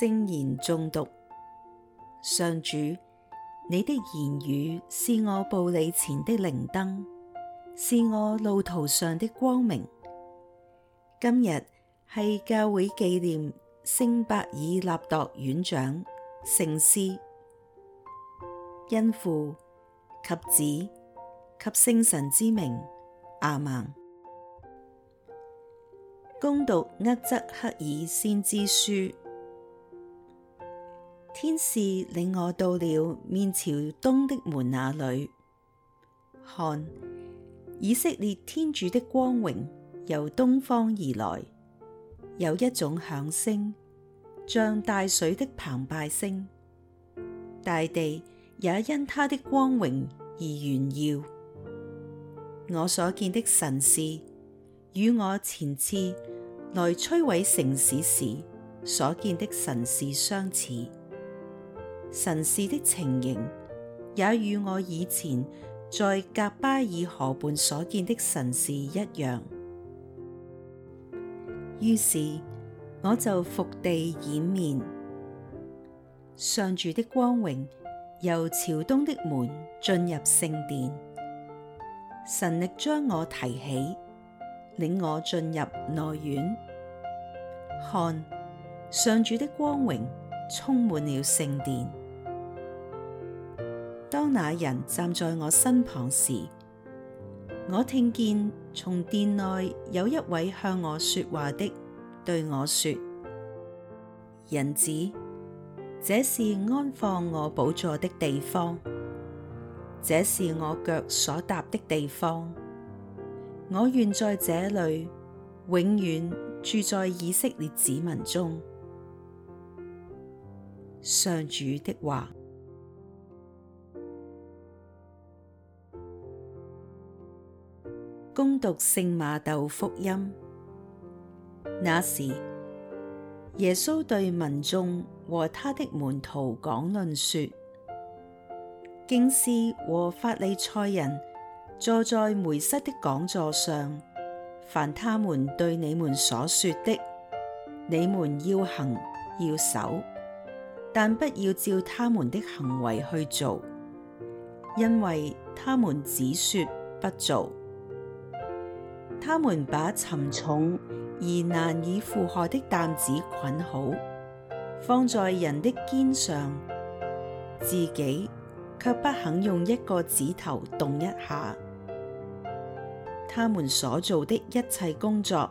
聖言誦讀。上主，你的言語是我步履前的靈燈，是我路途上的光明。今日係教會紀念聖伯爾納鐸院長、聖師。因父及子及聖神之名。阿門。恭讀厄則克耳先知書。天使領我到了面朝東的門那裏，看，以色列天主的光榮由東方而來，有一種響聲，像大水的澎湃聲，大地也因他的光榮而炫耀。我所見的神視，與我前次來摧毀城市時所見的神視相似。神視的情形也與我以前在革巴爾河畔所見的神視一樣，於是我就伏地掩面。上主的光榮由朝東的門進入聖殿，神力將我提起，領我進入內院，看，上主的光榮充滿了聖殿。那人站在我身旁時，我聽見從殿內有一位向我說話的，對我說：人子，這是安放我寶座的地方，這是我腳所踏的地方。我願在這裏永遠住在以色列子民中。上主的話。恭讀聖瑪竇福音。那時，耶穌對民眾和他的門徒講論說：經師和法利賽人坐在梅瑟的講座上，凡他們對你們所說的，你們要行要守，但不要照他們的行為去做，因為他們只說不做。他們把沉重而難以負荷的擔子捆好，放在人的肩上，自己卻不肯用一個指頭動一下。他們所做的一切工作，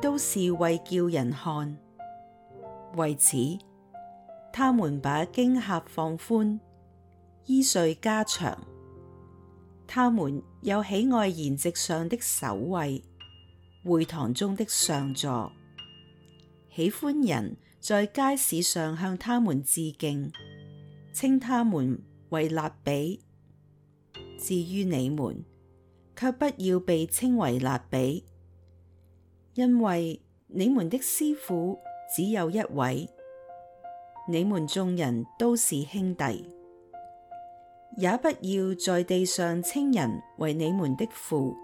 都是為叫人看。為此，他們把經匣放寬，衣繸加長。他們又喜愛筵席上的首位，會堂中的上座，喜歡人在街市上向他們致敬，稱他們為辣彼。至於你們，却不要被稱為辣彼，因為你們的師傅只有一位，你們眾人都是兄弟。也不要在地上稱人為你們的父，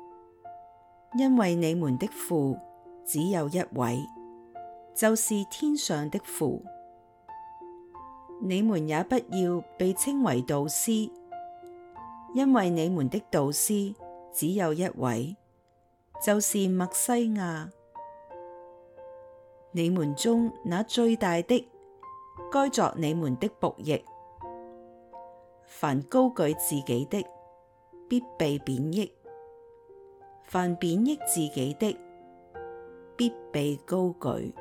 因為你們的父只有一位，就是天上的父。你們也不要被稱為導師，因為你們的導師只有一位，就是默西亞。你們中那最大的，該作你們的僕役。凡高舉自己的，必被貶抑；凡貶抑自己的，必被高舉。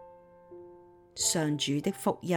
—上主的福音。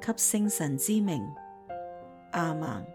及聖神之名，阿們。